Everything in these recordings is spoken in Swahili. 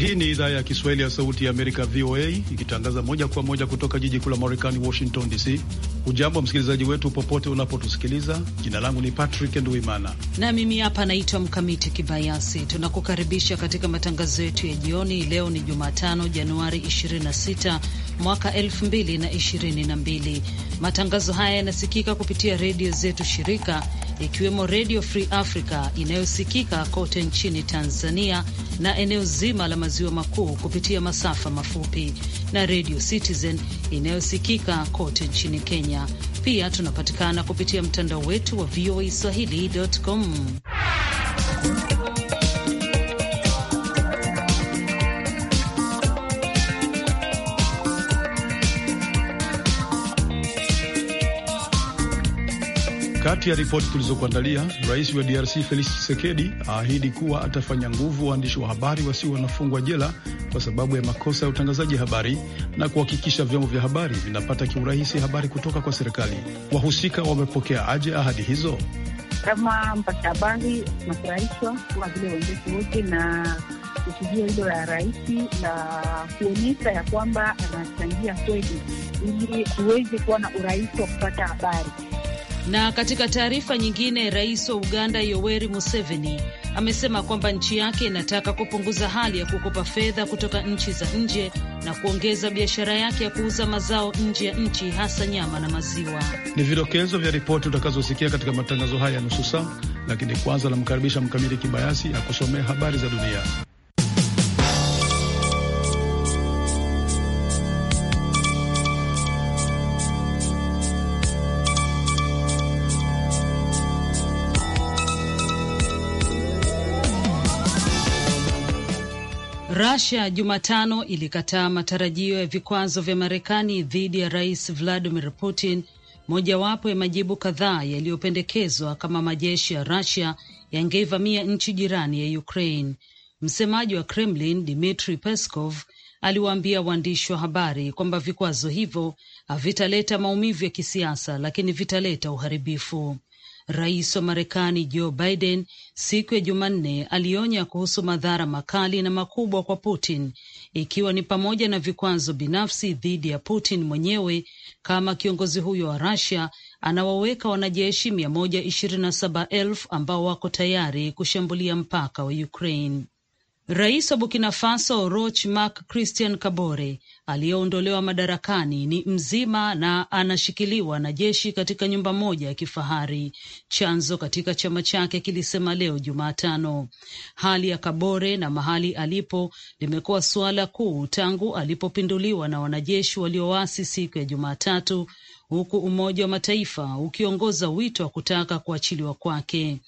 Hii ni idhaa ya Kiswahili ya Sauti ya Amerika, VOA, ikitangaza moja kwa moja kutoka jiji kuu la Marekani, Washington DC. Ujambo msikilizaji wetu popote unapotusikiliza. Jina langu ni Patrick Nduimana na mimi hapa naitwa Mkamiti Kibayasi. Tunakukaribisha katika matangazo yetu ya jioni. Leo ni Jumatano, Januari 26 mwaka 2022. Matangazo haya yanasikika kupitia redio zetu shirika ikiwemo Radio Free Africa inayosikika kote nchini Tanzania na eneo zima la maziwa makuu kupitia masafa mafupi na Radio Citizen inayosikika kote nchini Kenya. Pia tunapatikana kupitia mtandao wetu wa VOA Swahili.com. Kati ya ripoti tulizokuandalia, rais wa DRC Felix Tshisekedi aahidi kuwa atafanya nguvu waandishi wa habari wasio wanafungwa jela kwa sababu ya makosa ya utangazaji habari na kuhakikisha vyombo vya habari vinapata kiurahisi habari kutoka kwa serikali. Wahusika wamepokea aje ahadi hizo? Kama mpata habari nafurahishwa kama vile wenzetu wote na kusujia hilo la rais la kuonyesha ya kwamba anachangia kweli, ili tuweze kuwa na urahisi wa kupata habari. Na katika taarifa nyingine, rais wa Uganda Yoweri Museveni amesema kwamba nchi yake inataka kupunguza hali ya kukopa fedha kutoka nchi za nje na kuongeza biashara yake ya kuuza mazao nje ya nchi, hasa nyama na maziwa. Ni vidokezo vya ripoti utakazosikia katika matangazo haya ya nusu saa, lakini kwanza namkaribisha Mkamili Kibayasi akusomea habari za dunia. Russia Jumatano ilikataa matarajio ya vikwazo vya Marekani dhidi ya Rais Vladimir Putin, mojawapo ya majibu kadhaa yaliyopendekezwa kama majeshi ya Russia yangeivamia nchi jirani ya Ukraine. Msemaji wa Kremlin Dmitry Peskov aliwaambia waandishi wa habari kwamba vikwazo hivyo havitaleta maumivu ya kisiasa, lakini vitaleta uharibifu. Rais wa Marekani Joe Biden siku ya Jumanne alionya kuhusu madhara makali na makubwa kwa Putin, ikiwa ni pamoja na vikwazo binafsi dhidi ya Putin mwenyewe kama kiongozi huyo wa Russia anawaweka wanajeshi mia moja ishirini na saba elfu ambao wako tayari kushambulia mpaka wa Ukraine. Rais wa Burkina Faso Roch Marc Christian Kabore aliyeondolewa madarakani ni mzima na anashikiliwa na jeshi katika nyumba moja ya kifahari, chanzo katika chama chake kilisema leo Jumatano. Hali ya Kabore na mahali alipo limekuwa suala kuu tangu alipopinduliwa na wanajeshi walioasi siku ya Jumatatu huku Umoja wa Mataifa ukiongoza wito wa kutaka kuachiliwa kwake.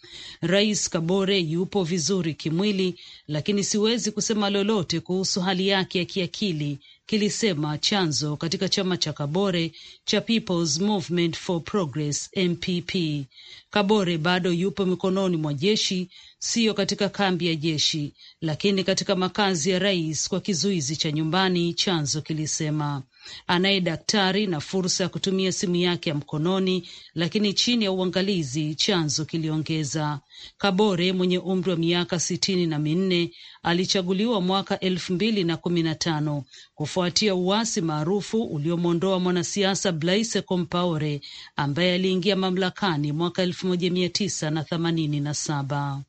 Rais Kabore yupo vizuri kimwili, lakini siwezi kusema lolote kuhusu hali yake ya kiakili, kilisema chanzo katika chama cha Kabore cha People's Movement for Progress MPP. Kabore bado yupo mikononi mwa jeshi, siyo katika kambi ya jeshi, lakini katika makazi ya rais kwa kizuizi cha nyumbani, chanzo kilisema anaye daktari na fursa ya kutumia simu yake ya mkononi, lakini chini ya uangalizi, chanzo kiliongeza. Kabore mwenye umri wa miaka sitini na minne alichaguliwa mwaka elfu mbili na kumi na tano kufuatia uasi maarufu uliomwondoa mwanasiasa Blaise Compaore ambaye aliingia mamlakani mwaka elfu moja mia tisa na themanini na saba.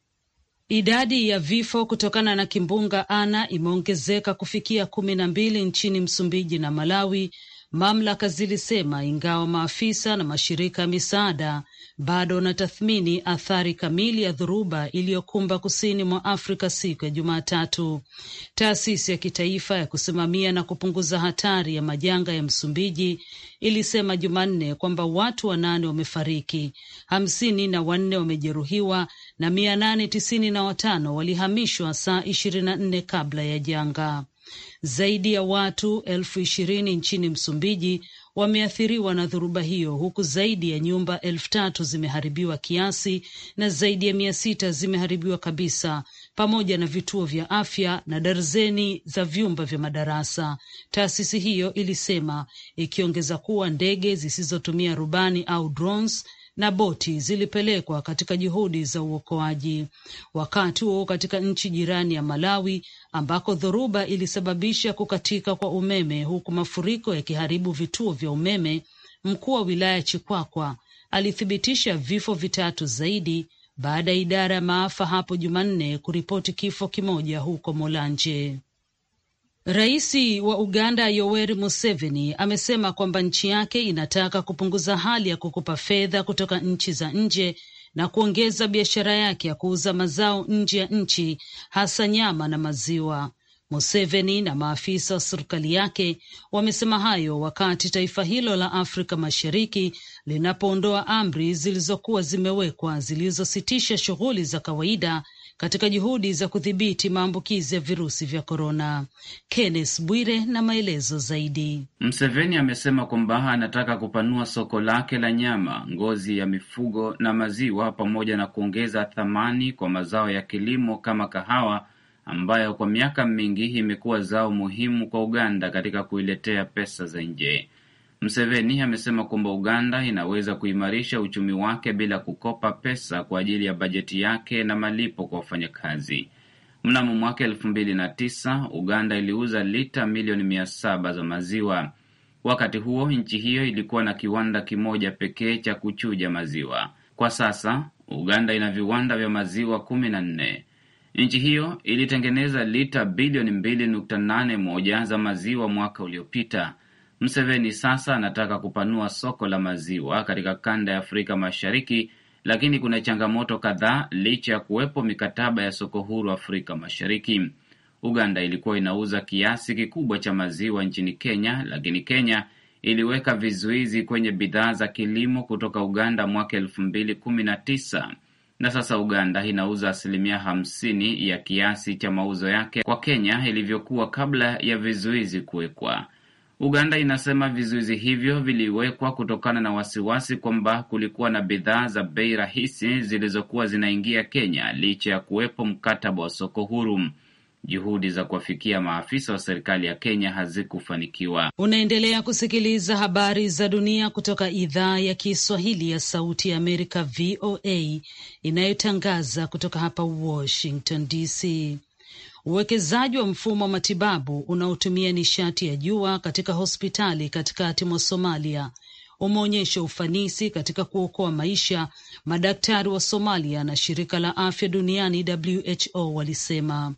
Idadi ya vifo kutokana na kimbunga Ana imeongezeka kufikia kumi na mbili nchini Msumbiji na Malawi, mamlaka zilisema, ingawa maafisa na mashirika ya misaada bado wanatathmini athari kamili ya dhoruba iliyokumba kusini mwa Afrika siku ya Jumatatu. Taasisi ya kitaifa ya kusimamia na kupunguza hatari ya majanga ya Msumbiji ilisema Jumanne kwamba watu wanane wamefariki, hamsini na wanne wamejeruhiwa na mia nane tisini na watano walihamishwa saa ishirini na nne kabla ya janga. Zaidi ya watu elfu ishirini nchini Msumbiji wameathiriwa na dhoruba hiyo huku zaidi ya nyumba elfu tatu zimeharibiwa kiasi na zaidi ya mia sita zimeharibiwa kabisa, pamoja na vituo vya afya na darzeni za vyumba vya madarasa, taasisi hiyo ilisema, ikiongeza kuwa ndege zisizotumia rubani au drones na boti zilipelekwa katika juhudi za uokoaji. Wakati huo katika nchi jirani ya Malawi ambako dhoruba ilisababisha kukatika kwa umeme huku mafuriko yakiharibu vituo vya umeme, mkuu wa wilaya Chikwakwa alithibitisha vifo vitatu zaidi baada ya idara ya maafa hapo Jumanne kuripoti kifo kimoja huko Molanje. Raisi wa Uganda Yoweri Museveni amesema kwamba nchi yake inataka kupunguza hali ya kukopa fedha kutoka nchi za nje na kuongeza biashara yake ya kuuza mazao nje ya nchi, hasa nyama na maziwa. Museveni na maafisa wa serikali yake wamesema hayo wakati taifa hilo la Afrika Mashariki linapoondoa amri zilizokuwa zimewekwa zilizositisha shughuli za kawaida katika juhudi za kudhibiti maambukizi ya virusi vya korona. Kenneth Bwire na maelezo zaidi. Mseveni amesema kwamba anataka kupanua soko lake la nyama, ngozi ya mifugo na maziwa, pamoja na kuongeza thamani kwa mazao ya kilimo kama kahawa ambayo kwa miaka mingi imekuwa zao muhimu kwa Uganda katika kuiletea pesa za nje mseveni amesema kwamba Uganda inaweza kuimarisha uchumi wake bila kukopa pesa kwa ajili ya bajeti yake na malipo kwa wafanyakazi. Mnamo mwaka elfu mbili na tisa Uganda iliuza lita milioni mia saba za maziwa. Wakati huo nchi hiyo ilikuwa na kiwanda kimoja pekee cha kuchuja maziwa. Kwa sasa Uganda ina viwanda vya maziwa kumi na nne. Nchi hiyo ilitengeneza lita bilioni mbili nukta nane moja za maziwa mwaka uliopita mseveni sasa anataka kupanua soko la maziwa katika kanda ya Afrika Mashariki, lakini kuna changamoto kadhaa licha ya kuwepo mikataba ya soko huru Afrika Mashariki. Uganda ilikuwa inauza kiasi kikubwa cha maziwa nchini Kenya, lakini Kenya iliweka vizuizi kwenye bidhaa za kilimo kutoka Uganda mwaka elfu mbili kumi na tisa na sasa Uganda inauza asilimia hamsini ya kiasi cha mauzo yake kwa Kenya ilivyokuwa kabla ya vizuizi kuwekwa. Uganda inasema vizuizi hivyo viliwekwa kutokana na wasiwasi kwamba kulikuwa na bidhaa za bei rahisi zilizokuwa zinaingia Kenya licha ya kuwepo mkataba wa soko huru. Juhudi za kuwafikia maafisa wa serikali ya Kenya hazikufanikiwa. Unaendelea kusikiliza habari za dunia kutoka idhaa ya Kiswahili ya Sauti ya Amerika, VOA, inayotangaza kutoka hapa Washington DC. Uwekezaji wa mfumo wa matibabu unaotumia nishati ya jua katika hospitali katikati mwa Somalia umeonyesha ufanisi katika kuokoa maisha, madaktari wa Somalia na shirika la afya duniani WHO walisema.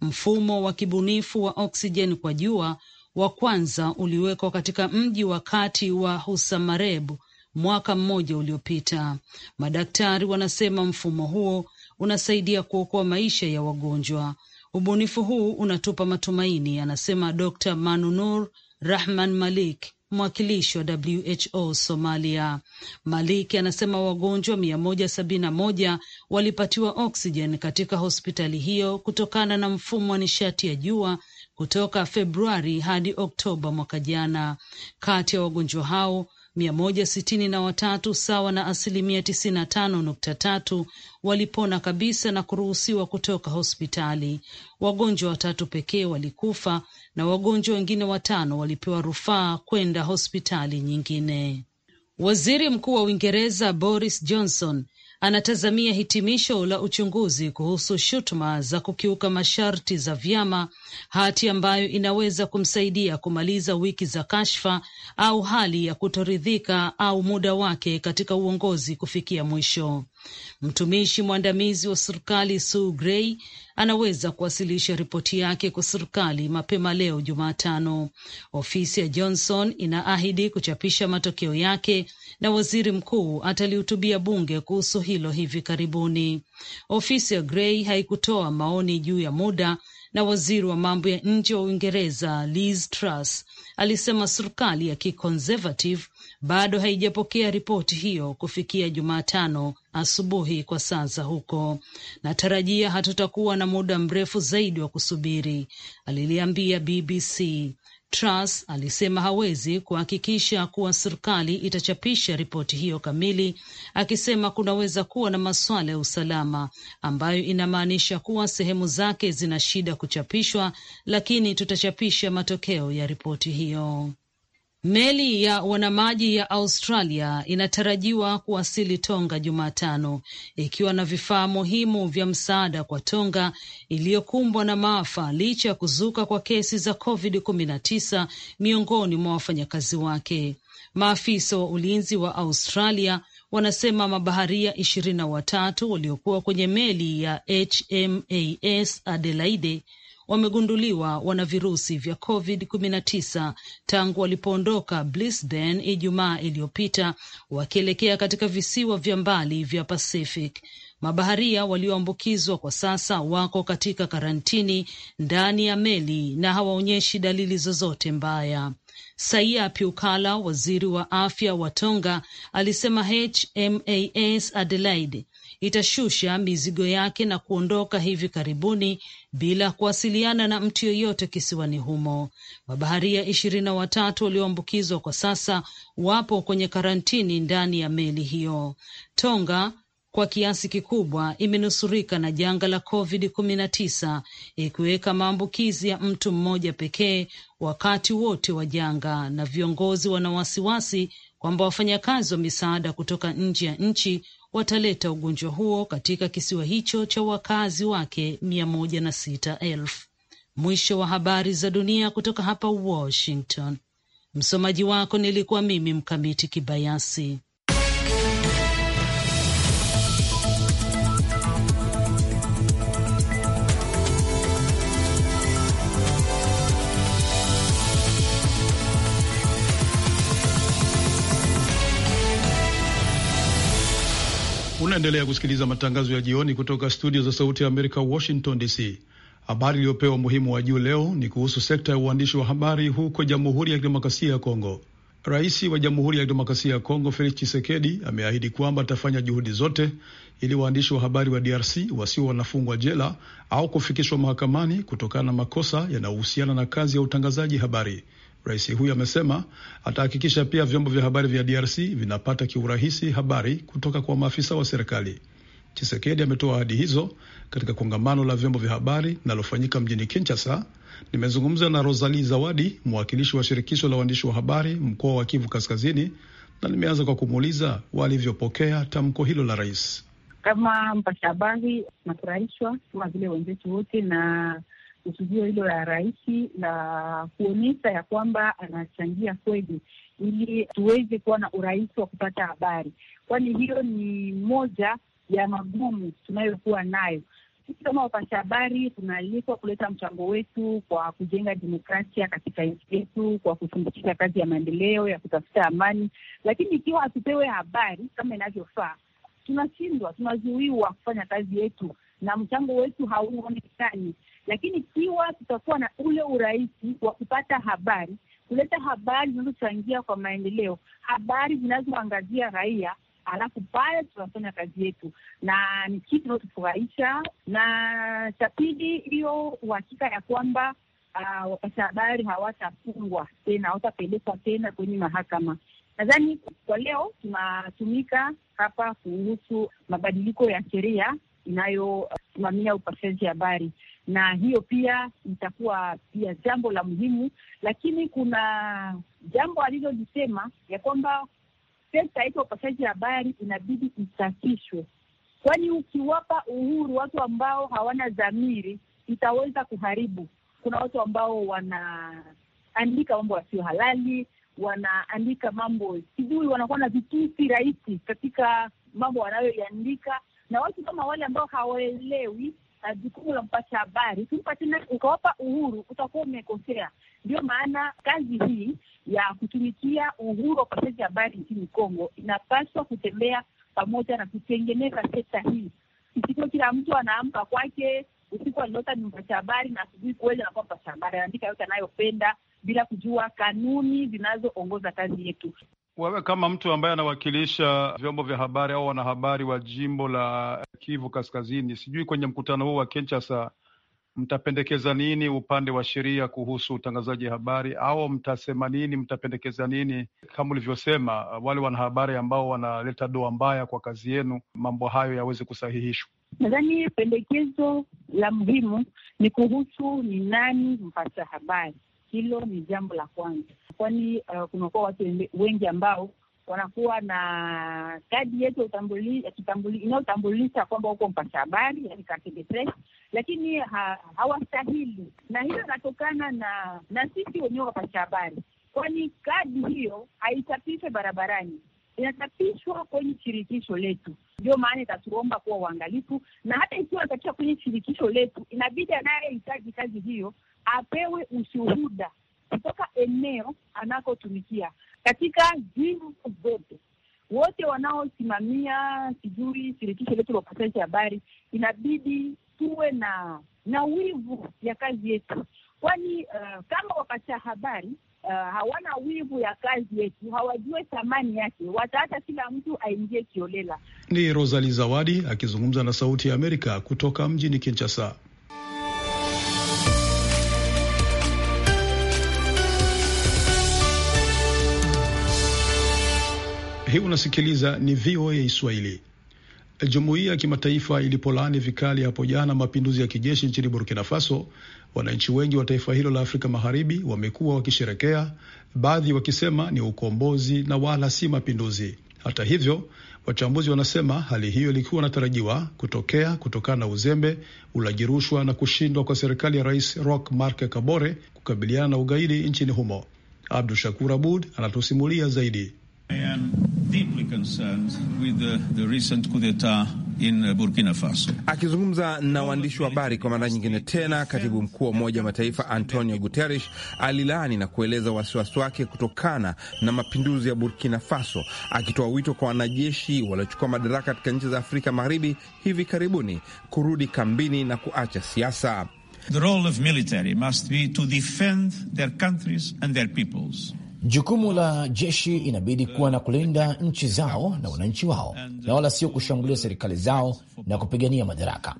Mfumo wa kibunifu wa oksijeni kwa jua wa kwanza uliwekwa katika mji wa kati wa husamareb mwaka mmoja uliopita. Madaktari wanasema mfumo huo unasaidia kuokoa maisha ya wagonjwa. Ubunifu huu unatupa matumaini, anasema Dr Manunur Rahman Malik, mwakilishi wa WHO Somalia. Malik anasema wagonjwa 171 walipatiwa oksijeni katika hospitali hiyo kutokana na mfumo wa nishati ya jua kutoka Februari hadi Oktoba mwaka jana. Kati ya wagonjwa hao watatu sawa na asilimia 95.3 walipona kabisa na kuruhusiwa kutoka hospitali. Wagonjwa watatu pekee walikufa na wagonjwa wengine watano walipewa rufaa kwenda hospitali nyingine. Waziri Mkuu wa Uingereza Boris Johnson anatazamia hitimisho la uchunguzi kuhusu shutuma za kukiuka masharti za vyama, hati ambayo inaweza kumsaidia kumaliza wiki za kashfa au hali ya kutoridhika au muda wake katika uongozi kufikia mwisho. Mtumishi mwandamizi wa serikali Sue Gray anaweza kuwasilisha ripoti yake kwa serikali mapema leo Jumatano. Ofisi ya Johnson inaahidi kuchapisha matokeo yake na waziri mkuu atalihutubia bunge kuhusu hilo hivi karibuni. Ofisi ya Grey haikutoa maoni juu ya muda na waziri wa mambo ya nje wa Uingereza Liz Truss alisema serikali ya kiconservative bado haijapokea ripoti hiyo kufikia Jumatano asubuhi kwa saa za huko. Natarajia hatutakuwa na muda mrefu zaidi wa kusubiri, aliliambia BBC. Truss alisema hawezi kuhakikisha kuwa serikali itachapisha ripoti hiyo kamili, akisema kunaweza kuwa na masuala ya usalama ambayo inamaanisha kuwa sehemu zake zina shida kuchapishwa, lakini tutachapisha matokeo ya ripoti hiyo. Meli ya wanamaji ya Australia inatarajiwa kuwasili Tonga Jumatano ikiwa na vifaa muhimu vya msaada kwa Tonga iliyokumbwa na maafa licha ya kuzuka kwa kesi za COVID-19 miongoni mwa wafanyakazi wake. Maafisa wa ulinzi wa Australia wanasema mabaharia ishirini na watatu waliokuwa kwenye meli ya HMAS Adelaide wamegunduliwa wana virusi vya COVID-19 tangu walipoondoka Brisbane Ijumaa iliyopita wakielekea katika visiwa vya mbali vya Pacific. Mabaharia walioambukizwa kwa sasa wako katika karantini ndani ya meli na hawaonyeshi dalili zozote mbaya. Saia Piukala, waziri wa afya wa Tonga, alisema HMAS Adelaide itashusha mizigo yake na kuondoka hivi karibuni bila kuwasiliana na mtu yeyote kisiwani humo. Mabaharia ishirini na watatu walioambukizwa kwa sasa wapo kwenye karantini ndani ya meli hiyo. Tonga kwa kiasi kikubwa imenusurika na janga la COVID-19 ikiweka maambukizi ya mtu mmoja pekee wakati wote wa janga, na viongozi wana wasiwasi kwamba wafanyakazi wa misaada kutoka nje ya nchi wataleta ugonjwa huo katika kisiwa hicho cha wakazi wake mia moja na sita elfu. Mwisho wa habari za dunia kutoka hapa Washington. Msomaji wako nilikuwa mimi Mkamiti Kibayasi. Unaendelea kusikiliza matangazo ya jioni kutoka studio za Sauti ya Amerika, Washington DC. Habari iliyopewa umuhimu wa juu leo ni kuhusu sekta ya uandishi wa habari huko Jamhuri ya Kidemokrasia ya Kongo. Rais wa Jamhuri ya Kidemokrasia ya Kongo Felix Tshisekedi ameahidi kwamba atafanya juhudi zote ili waandishi wa habari wa DRC wasio wanafungwa jela au kufikishwa mahakamani kutokana na makosa yanayohusiana na kazi ya utangazaji habari. Rais huyo amesema atahakikisha pia vyombo vya habari vya DRC vinapata kiurahisi habari kutoka kwa maafisa wa serikali. Chisekedi ametoa ahadi hizo katika kongamano la vyombo vya habari linalofanyika mjini Kinshasa. Nimezungumza na Rosalie Zawadi, mwakilishi wa shirikisho la waandishi wa habari mkoa wa Kivu Kaskazini, na nimeanza kwa kumuuliza walivyopokea tamko hilo la rais. Kama mpasha habari, kama vile wenzetu wote na kusudio hilo la rais la kuonyesha ya kwamba anachangia kweli, ili tuweze kuwa na urahisi wa kupata habari, kwani hiyo ni moja ya magumu tunayokuwa nayo sisi kama wapasha habari. Tunaalikwa kuleta mchango wetu kwa kujenga demokrasia katika nchi yetu, kwa kufundikisha kazi ya maendeleo ya kutafuta amani, lakini ikiwa hatupewe habari kama inavyofaa, tunashindwa, tunazuiwa kufanya kazi yetu na mchango wetu hauonekani lakini ikiwa tutakuwa na ule urahisi wa kupata habari, kuleta habari zinazochangia kwa maendeleo, habari zinazoangazia raia, alafu pale tunafanya kazi yetu, na ni kitu inaotufurahisha. Na cha pili, hiyo uhakika ya kwamba uh, wapasha habari hawatafungwa tena, hawatapelekwa tena kwenye mahakama. Nadhani kwa leo tunatumika hapa kuhusu mabadiliko ya sheria inayosimamia upashaji habari na hiyo pia itakuwa pia jambo la muhimu, lakini kuna jambo alilolisema ya kwamba sekta yetu ya upashaji habari inabidi isafishwe, kwani ukiwapa uhuru watu ambao hawana dhamiri itaweza kuharibu. Kuna watu ambao wanaandika mambo yasiyo halali, wanaandika mambo sijui, wanakuwa na vitusi rahisi katika mambo wanayoiandika, na watu kama wale ambao hawaelewi uh, jukumu la mpasha habari, ukawapa uhuru, utakuwa umekosea. Ndio maana kazi hii ya kutumikia uhuru wa upashaji habari nchini Kongo inapaswa kutembea pamoja na kutengeneza sekta hii, isikuwa kila mtu anaamka kwake usiku aliota ni mpasha habari na asubuhi kweli anakuwa mpasha habari, anaandika yote anayopenda bila kujua kanuni zinazoongoza kazi yetu. Wewe kama mtu ambaye anawakilisha vyombo vya habari au wanahabari wa jimbo la Kivu Kaskazini, sijui kwenye mkutano huu wa Kinshasa mtapendekeza nini upande wa sheria kuhusu utangazaji habari, au mtasema nini, mtapendekeza nini kama ulivyosema, wale wanahabari ambao wanaleta doa mbaya kwa kazi yenu, mambo hayo yaweze kusahihishwa? Nadhani pendekezo la muhimu ni kuhusu ni nani mpata habari hilo ni jambo la kwanza, kwani uh, kunakuwa watu wengi ambao wanakuwa na kadi yetu inayotambulisha kwamba huko mpasha habari, yani carte lakini ha, hawastahili. Na hiyo inatokana na na sisi wenyewe wapasha habari, kwani kadi hiyo haichapishwe barabarani inachapishwa kwenye shirikisho letu. Ndio maana itatuomba kuwa uangalifu, na hata ikiwa atakiwa kwenye shirikisho letu, inabidi anayehitaji kazi hiyo apewe ushuhuda kutoka eneo anakotumikia katika jimbo zote. Wote wanaosimamia sijui shirikisho letu la upashaji habari, inabidi tuwe na na wivu ya kazi yetu, kwani uh, kama wapasha habari uh, hawana wivu ya kazi yetu, hawajue thamani yake, wataacha kila mtu aingie kiolela. Ni Rosali Zawadi akizungumza na Sauti ya Amerika kutoka mjini Kinshasa. Hii unasikiliza ni VOA Swahili. Jumuiya ya kimataifa ilipolaani vikali hapo jana mapinduzi ya kijeshi nchini Burkina Faso, wananchi wengi wa taifa hilo la Afrika Magharibi wamekuwa wakisherekea, baadhi wakisema ni ukombozi na wala si mapinduzi. Hata hivyo, wachambuzi wanasema hali hiyo ilikuwa inatarajiwa kutokea kutokana na uzembe, ulaji rushwa na kushindwa kwa serikali ya Rais Roch Marc Kabore kukabiliana na ugaidi nchini humo. Abdu Shakur Abud anatusimulia zaidi. Akizungumza na waandishi wa habari kwa mara nyingine tena, katibu mkuu wa Umoja wa Mataifa Antonio Guterres alilaani na kueleza wasiwasi wake kutokana na mapinduzi ya Burkina Faso, akitoa wito kwa wanajeshi waliochukua madaraka katika nchi za Afrika Magharibi hivi karibuni kurudi kambini na kuacha siasa. The role of military must be to defend their countries and their peoples. Jukumu la jeshi inabidi kuwa na kulinda nchi zao na wananchi wao, na wala sio kushambulia serikali zao na kupigania madaraka.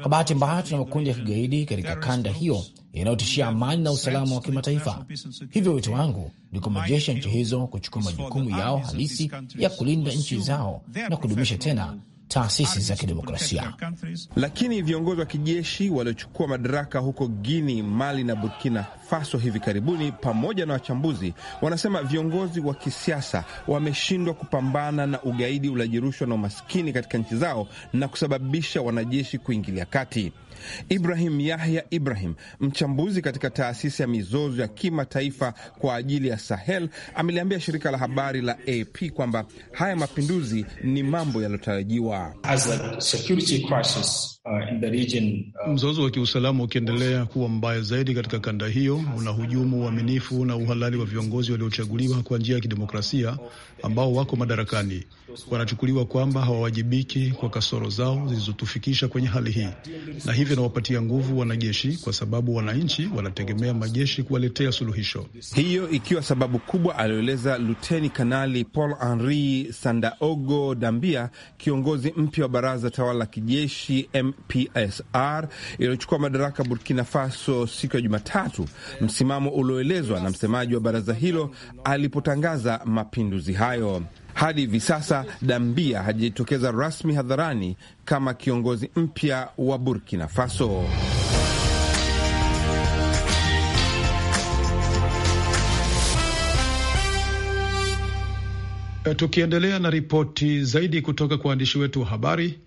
Kwa bahati mbaya, tuna makundi ya kigaidi katika kanda hiyo yanayotishia amani na usalama wa kimataifa. Hivyo wito wangu ni kwa majeshi ya nchi hizo kuchukua majukumu yao halisi ya kulinda nchi zao na kudumisha tena taasisi za kidemokrasia. Lakini viongozi wa kijeshi waliochukua madaraka huko Guini, Mali na Burkina Faso hivi karibuni, pamoja na wachambuzi, wanasema viongozi wa kisiasa wameshindwa kupambana na ugaidi, ulaji na umaskini katika nchi zao na kusababisha wanajeshi kuingilia kati. Ibrahim Yahya Ibrahim, mchambuzi katika taasisi ya mizozo ya kimataifa kwa ajili ya Sahel, ameliambia shirika la habari la AP kwamba haya mapinduzi ni mambo yaliyotarajiwa. Uh, uh, mzozo wa kiusalama ukiendelea kuwa mbaya zaidi katika kanda hiyo unahujumu uaminifu na uhalali wa viongozi waliochaguliwa kwa njia ya kidemokrasia ambao wako madarakani. Wanachukuliwa kwamba hawawajibiki kwa kasoro zao zilizotufikisha kwenye hali hii na hivyo inawapatia nguvu wanajeshi, kwa sababu wananchi wanategemea majeshi kuwaletea suluhisho. Hiyo ikiwa sababu kubwa aliyoeleza Luteni Kanali Paul Henri Sandaogo Dambia, kiongozi mpya wa baraza tawala la kijeshi MPSR iliyochukua madaraka Burkina Faso siku ya Jumatatu, msimamo ulioelezwa na msemaji wa baraza hilo alipotangaza mapinduzi hayo. Hadi hivi sasa Dambia hajajitokeza rasmi hadharani kama kiongozi mpya wa Burkina Faso. Eh, tukiendelea na ripoti zaidi kutoka kwa waandishi wetu wa habari,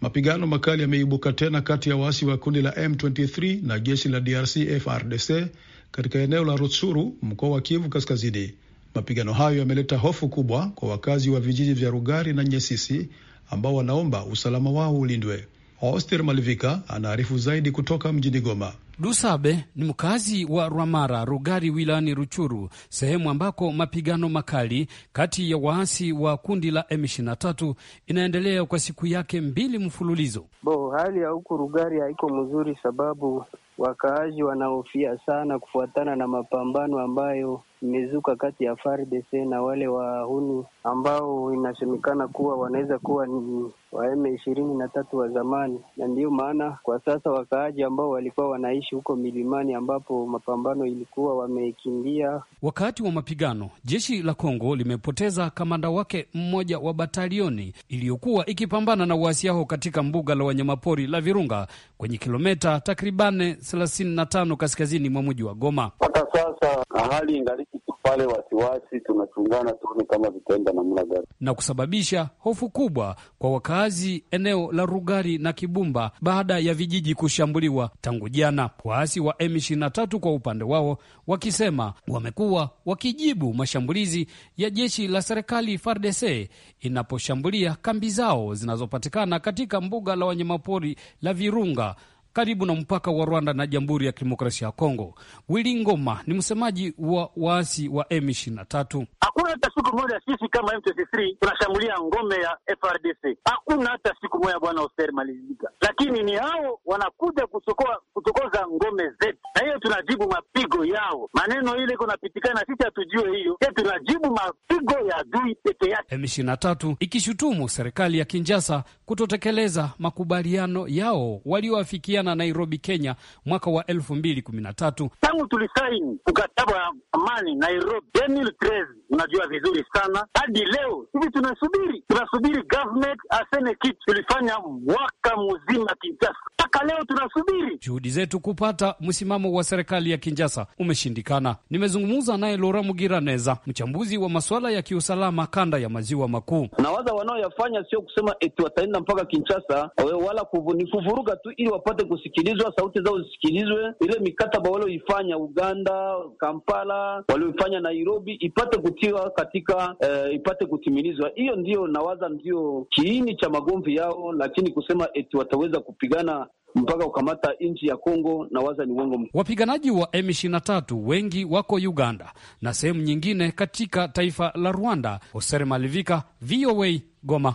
mapigano makali yameibuka tena kati ya waasi wa kundi la M23 na jeshi la DRC frdc katika eneo la Rutsuru, mkoa wa Kivu Kaskazini. Mapigano hayo yameleta hofu kubwa kwa wakazi wa vijiji vya Rugari na Nyesisi ambao wanaomba usalama wao ulindwe. Oster Malivika anaarifu zaidi kutoka mjini Goma. Dusabe ni mkazi wa Rwamara, Rugari wilayani Ruchuru, sehemu ambako mapigano makali kati ya waasi wa kundi la M23 inaendelea kwa siku yake mbili mfululizo. Bo, hali ya huku Rugari haiko mzuri, sababu wakaaji wanahofia sana kufuatana na mapambano ambayo imezuka kati ya FARDC na wale wahuni ambao inasemekana kuwa wanaweza kuwa ni wa M23 wa zamani, na ndiyo maana kwa sasa wakaaji ambao walikuwa wanaishi huko milimani ambapo mapambano ilikuwa wamekimbia. Wakati wa mapigano, jeshi la Kongo limepoteza kamanda wake mmoja wa batalioni iliyokuwa ikipambana na uasi hao katika mbuga la wanyamapori la Virunga kwenye kilomita takribani 35 kaskazini mwa mji wa Goma. Mpaka sasa hali ingali pale wasiwasi, tunachungana tuone kama vitaenda namna gani, na kusababisha hofu kubwa kwa wakazi eneo la Rugari na Kibumba baada ya vijiji kushambuliwa tangu jana. Waasi wa M23 kwa upande wao wakisema wamekuwa wakijibu mashambulizi ya jeshi la serikali FARDC inaposhambulia kambi zao zinazopatikana katika mbuga la wanyamapori la Virunga karibu na mpaka wa Rwanda na Jamhuri ya Kidemokrasia ya Kongo. Wili Ngoma ni msemaji wa waasi wa M23. Hakuna hata siku moja sisi kama M23 tunashambulia ngome ya FRDC, hakuna hata siku moja bwana Oster Malizika, lakini ni hao wanakuja kuchokoa kuchokoza ngome zetu, na hiyo tunajibu mapigo yao. Maneno ile iko napitikana, sisi hatujue hiyo tunajibu mapigo ya adui peke yake. M23 ikishutumu serikali ya Kinjasa kutotekeleza makubaliano yao walioafikiana Nairobi, Kenya mwaka wa elfu mbili kumi na tatu tangu tulisaini mkataba wa amani Nairobi 2013 unajua vizuri sana hadi leo hivi tunasubiri, tunasubiri government aseme kitu. Tulifanya mwaka mzima Kinjasa mpaka leo tunasubiri juhudi zetu kupata msimamo wa serikali ya Kinjasa umeshindikana. Nimezungumza naye Lora Mugiraneza, mchambuzi wa masuala ya kiusalama kanda ya maziwa makuu. Nawaza wanaoyafanya sio kusema eti wataenda mpaka Kinshasa wala ni kuvuruga tu ili wapate kusikilizwa, sauti zao zisikilizwe. Ile mikataba walioifanya Uganda, Kampala, walioifanya Nairobi ipate kutiwa katika eh, ipate kutimilizwa. Hiyo ndiyo nawaza ndiyo kiini cha magomvi yao, lakini kusema eti wataweza kupigana mpaka kukamata nchi ya Kongo na waza ni uongo. Wapiganaji wa M23 wengi wako Uganda na sehemu nyingine katika taifa la Rwanda. Hoser Malivika, VOA Goma.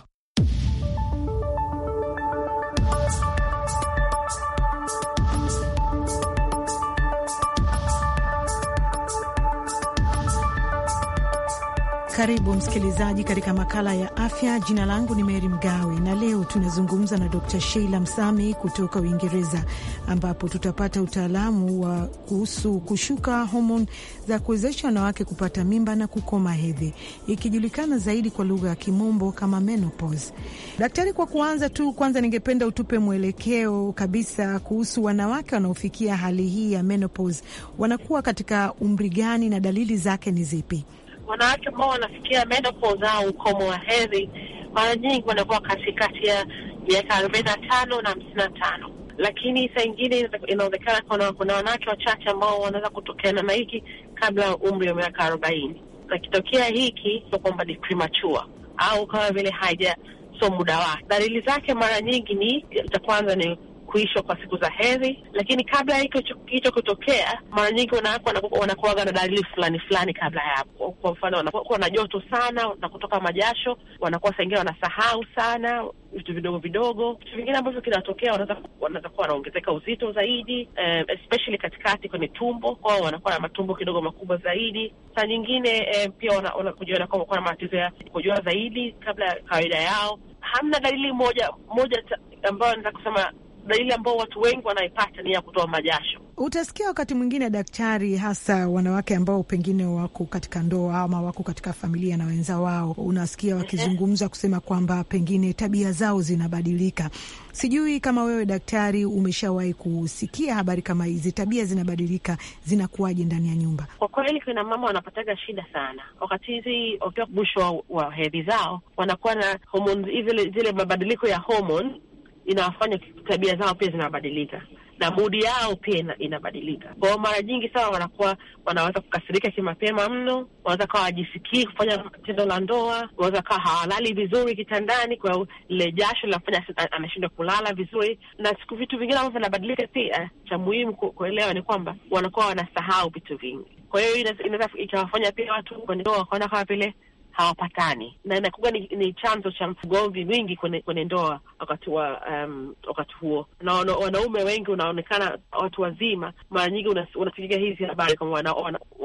Karibu msikilizaji katika makala ya afya. Jina langu ni Meri Mgawe na leo tunazungumza na Dr Sheila Msami kutoka Uingereza, ambapo tutapata utaalamu wa kuhusu kushuka homoni za kuwezesha wanawake kupata mimba na kukoma hedhi, ikijulikana zaidi kwa lugha ya Kimombo kama menopause. Daktari, kwa kuanza tu, kwanza ningependa utupe mwelekeo kabisa kuhusu wanawake wanaofikia hali hii ya menopause, wanakuwa katika umri gani na dalili zake ni zipi? wanawake ambao wanafikia menopause au ukomo wa hedhi mara nyingi wanakuwa katikati ya miaka arobaini na tano na hamsini na tano lakini saa ingine inaonekana kuna wanawake wachache ambao wanaweza kutokea na hiki kabla ya umri wa miaka arobaini na kitokea hiki sio kwamba ni premature au kama vile haja so muda wake. Dalili zake mara nyingi ni cha kwanza ni kuishwa kwa siku za hedhi, lakini kabla ya hicho kutokea, mara nyingi wanawake wanakuwaga na dalili fulani fulani kabla ya hapo. Kwa mfano, wanakuwa na joto sana na kutoka majasho, wanakuwa saingine wanasahau sana vitu vidogo vidogo. Vitu vingine ambavyo kinatokea, wanaweza kuwa wanaongezeka uzito zaidi, eh, especially katikati kwenye tumbo kwao, wanakuwa na matumbo kidogo makubwa zaidi. Saa nyingine eh, pia wanakujiona kwamba kuwa na matatizo ya kujua zaidi kabla ya kawaida yao. Hamna dalili moja moja ambayo naweza kusema na ile ambao watu wengi wanaipata ni ya kutoa majasho. Utasikia wakati mwingine daktari, hasa wanawake ambao pengine wako katika ndoa ama wako katika familia na wenza wao, unasikia wakizungumza kusema kwamba pengine tabia zao zinabadilika. Sijui kama wewe daktari umeshawahi kusikia habari kama hizi, tabia zinabadilika zinakuwaje ndani ya nyumba? Kwa kweli, kina mama wanapataga shida sana wakati hizi wakiwa mwisho wa hedhi zao, wanakuwa na homoni, zile mabadiliko ya homoni inawafanya tabia zao pia zinabadilika na mudi yao pia inabadilika. kwao mara nyingi sana wanakuwa wanaweza kukasirika kimapema mno, wanaweza kawa wajisikii kufanya tendo la ndoa, wanaweza kawa hawalali vizuri kitandani, kwa lile jasho linafanya anashindwa kulala vizuri, na siku vitu vingine ambavyo vinabadilika pia. Eh, cha muhimu kuelewa ni kwamba wanakuwa wanasahau vitu vingi, kwa hiyo inaweza ikawafanya pia watu kwenye ndoa wakaona kama vile hawapatani na inakuwa ni, ni chanzo cha ugomvi mwingi kwenye, kwenye ndoa wakati wa um, wakati huo na wana, wanaume wengi unaonekana watu wazima, mara nyingi unasikia hizi habari kwamba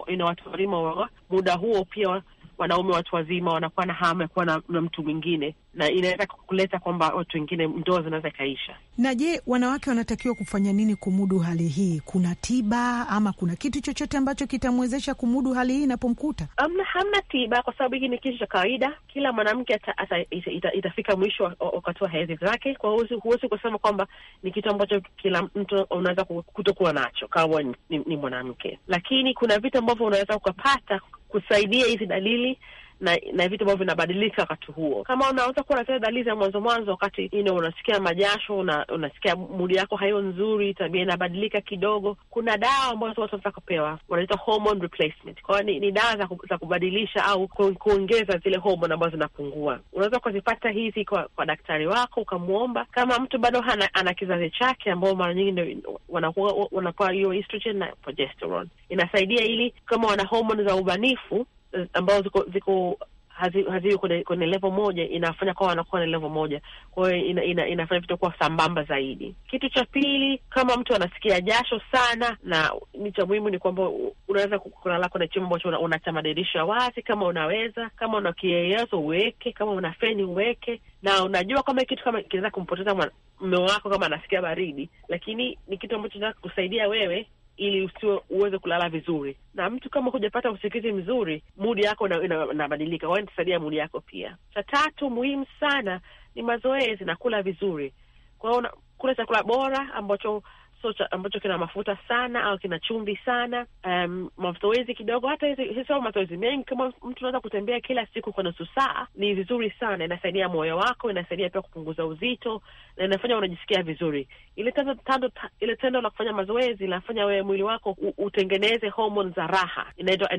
ina watu wazima wa muda huo pia wanaume watu wazima wanakuwa na hamu ya kuwa na, na mtu mwingine, na inaweza kuleta kwamba watu wengine ndoa zinaweza ikaisha. Na je, wanawake wanatakiwa kufanya nini kumudu hali hii? Kuna tiba ama kuna kitu chochote ambacho kitamwezesha kumudu hali hii inapomkuta? Hamna, hamna tiba, kwa sababu hiki ni kitu cha kawaida. Kila mwanamke itafika ita, ita, ita, itafika mwisho wakati wa hedhi zake. Kwa hiyo huwezi kusema kwamba ni kitu ambacho kila mtu unaweza kutokuwa nacho kama ni, ni, ni mwanamke, lakini kuna vitu ambavyo unaweza ukapata kusaidia hizi dalili na, na vitu ambavyo vinabadilika wakati huo. Kama unaweza kuwa unatia dalili za mwanzo mwanzo, wakati ino unasikia majasho una, unasikia mudi yako haiyo nzuri, tabia inabadilika kidogo, kuna dawa ambazo watu wanataka kupewa, wanaita hormone replacement. Kwa hiyo ni, ni dawa za, za kubadilisha au kuongeza zile hormone ambazo zinapungua. Unaweza ukazipata hizi kwa, kwa daktari wako ukamwomba. Kama mtu bado ana, ana kizazi chake ambao mara nyingi wanakuwa wanapewa hiyo estrogen na progesterone, inasaidia ili kama wana hormone za ubanifu Eh, ambazo ziko ziko haziwi hazi kwenye, kwenye level moja inafanya kwa wanakuwa na level moja, kwa hiyo ina, ina, inafanya vitu kuwa sambamba zaidi. Kitu cha pili, kama mtu anasikia jasho sana, na ni cha muhimu ni kwamba unaweza kulala kwenye chumba ambacho unacha madirisha wazi, kama unaweza, kama una kiyeyezo uweke, kama una feni uweke, na unajua kama kitu kama kinaweza kumpoteza mume wako kama anasikia baridi, lakini ni kitu ambacho kinaweza kusaidia wewe ili usiwe uweze kulala vizuri. Na mtu kama hujapata usingizi mzuri, mudi yako inabadilika, na, na, inatusaidia mudi yako pia. Cha tatu muhimu sana ni mazoezi na kula vizuri, kwa hiyo kula chakula bora ambacho chipso cha, ambacho kina mafuta sana au kina chumvi sana, um, mazoezi kidogo, hata hizi sio mazoezi mengi. Kama mtu unaweza kutembea kila siku kwa nusu saa, ni vizuri sana, inasaidia moyo wako, inasaidia pia kupunguza uzito na inafanya unajisikia vizuri. Ile tendo tando, ile tendo la kufanya mazoezi inafanya wewe mwili wako u, utengeneze homoni za raha, inaitwa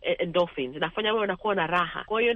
e, endorphins, inafanya wewe unakuwa na raha. Kwa hiyo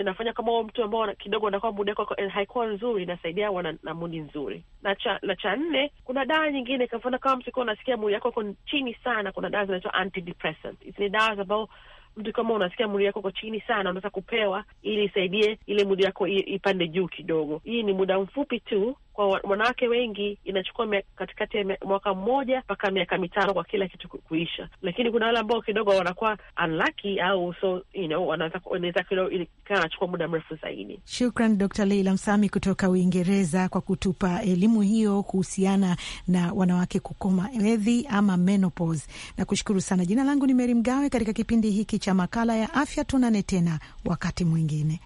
inafanya kama huo mtu ambao kidogo unakuwa muda wako haikuwa nzuri, inasaidia wana na mudi nzuri. na cha nne kuna dawa nyingine kwa mfano kama mtu unasikia mwili yako uko chini sana, kuna dawa zinaitwa antidepressant. Hizi ni dawa ambazo mtu kama unasikia mwili yako uko chini sana, unaweza kupewa ili isaidie ile mwili yako ipande juu kidogo. Hii ni muda mfupi tu kwa wanawake wengi inachukua katikati ya mwaka mmoja mpaka miaka mitano kwa kila kitu kuisha, lakini kuna wale ambao kidogo wanakuwa unlucky au so you know, wanaweza kidogo anachukua muda mrefu zaidi. Shukran Dr. Leila Msami kutoka Uingereza kwa kutupa elimu hiyo kuhusiana na wanawake kukoma hedhi ama menopause. Na kushukuru sana. Jina langu ni Meri Mgawe katika kipindi hiki cha makala ya afya, tunane tena wakati mwingine.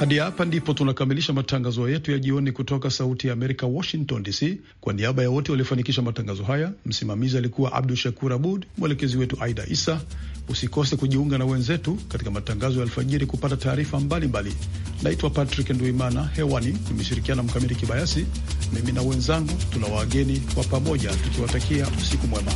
Hadi hapa ndipo tunakamilisha matangazo yetu ya jioni kutoka Sauti ya Amerika, Washington DC. Kwa niaba ya wote waliofanikisha matangazo haya, msimamizi alikuwa Abdu Shakur Abud, mwelekezi wetu Aida Isa. Usikose kujiunga na wenzetu katika matangazo ya alfajiri kupata taarifa mbalimbali. Naitwa Patrick Nduimana, hewani nimeshirikiana Mkamiti Kibayasi. Mimi na wenzangu tuna wageni kwa pamoja, tukiwatakia usiku mwema.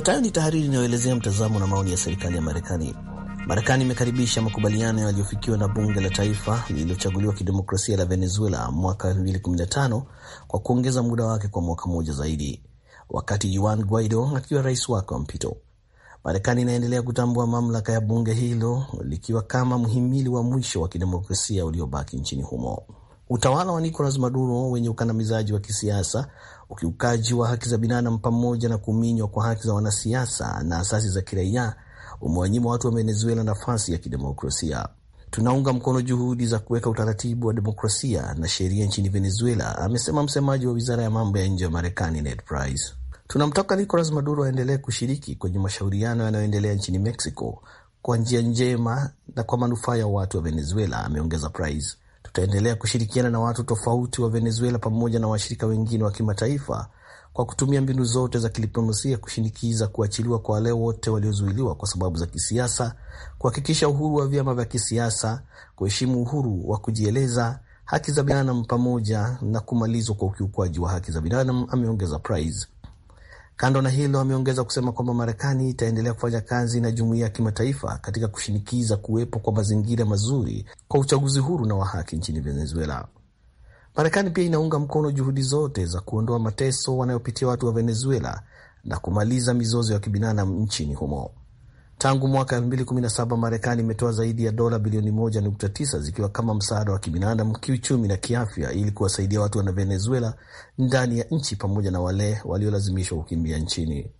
Ifuatayo ni tahariri inayoelezea mtazamo na maoni ya serikali ya Marekani. Marekani imekaribisha makubaliano yaliyofikiwa na bunge la taifa lililochaguliwa kidemokrasia la Venezuela mwaka 2015 kwa kuongeza muda wake kwa mwaka mmoja zaidi, wakati Juan Guaido akiwa rais wake wa mpito. Marekani inaendelea kutambua mamlaka ya bunge hilo likiwa kama mhimili wa mwisho wa kidemokrasia uliobaki nchini humo. Utawala wa Nicolas Maduro wenye ukandamizaji wa kisiasa ukiukaji wa haki za binadamu pamoja na kuminywa kwa haki za wanasiasa na asasi za kiraia umewanyima watu wa Venezuela nafasi ya kidemokrasia. Tunaunga mkono juhudi za kuweka utaratibu wa demokrasia na sheria nchini Venezuela, amesema msemaji wa wizara ya mambo ya nje ya Marekani Ned Price. Tunamtaka Nicolas Maduro aendelee kushiriki kwenye mashauriano yanayoendelea nchini Mexico kwa njia njema na kwa manufaa ya watu wa Venezuela, ameongeza Price. Tutaendelea kushirikiana na watu tofauti wa Venezuela pamoja na washirika wengine wa kimataifa kwa kutumia mbinu zote za kidiplomasia kushinikiza kuachiliwa kwa wale wote waliozuiliwa kwa sababu za kisiasa, kuhakikisha uhuru wa vyama vya kisiasa, kuheshimu uhuru wa kujieleza, haki za binadamu pamoja na kumalizwa kwa ukiukwaji wa haki za binadamu, ameongeza Price. Kando na hilo, ameongeza kusema kwamba Marekani itaendelea kufanya kazi na jumuiya ya kimataifa katika kushinikiza kuwepo kwa mazingira mazuri kwa uchaguzi huru na wa haki nchini Venezuela. Marekani pia inaunga mkono juhudi zote za kuondoa mateso wanayopitia watu wa Venezuela na kumaliza mizozo ya kibinadamu nchini humo. Tangu mwaka 2017 Marekani imetoa zaidi ya dola bilioni 1.9 zikiwa kama msaada wa kibinadamu, kiuchumi na kiafya ili kuwasaidia watu wa Venezuela ndani ya nchi pamoja na wale waliolazimishwa kukimbia nchini.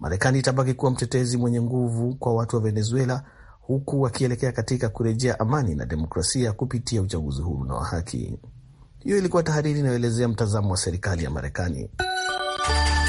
Marekani itabaki kuwa mtetezi mwenye nguvu kwa watu wa Venezuela huku wakielekea katika kurejea amani na demokrasia kupitia uchaguzi huru na wa haki. Hiyo ilikuwa tahariri inayoelezea mtazamo wa serikali ya Marekani.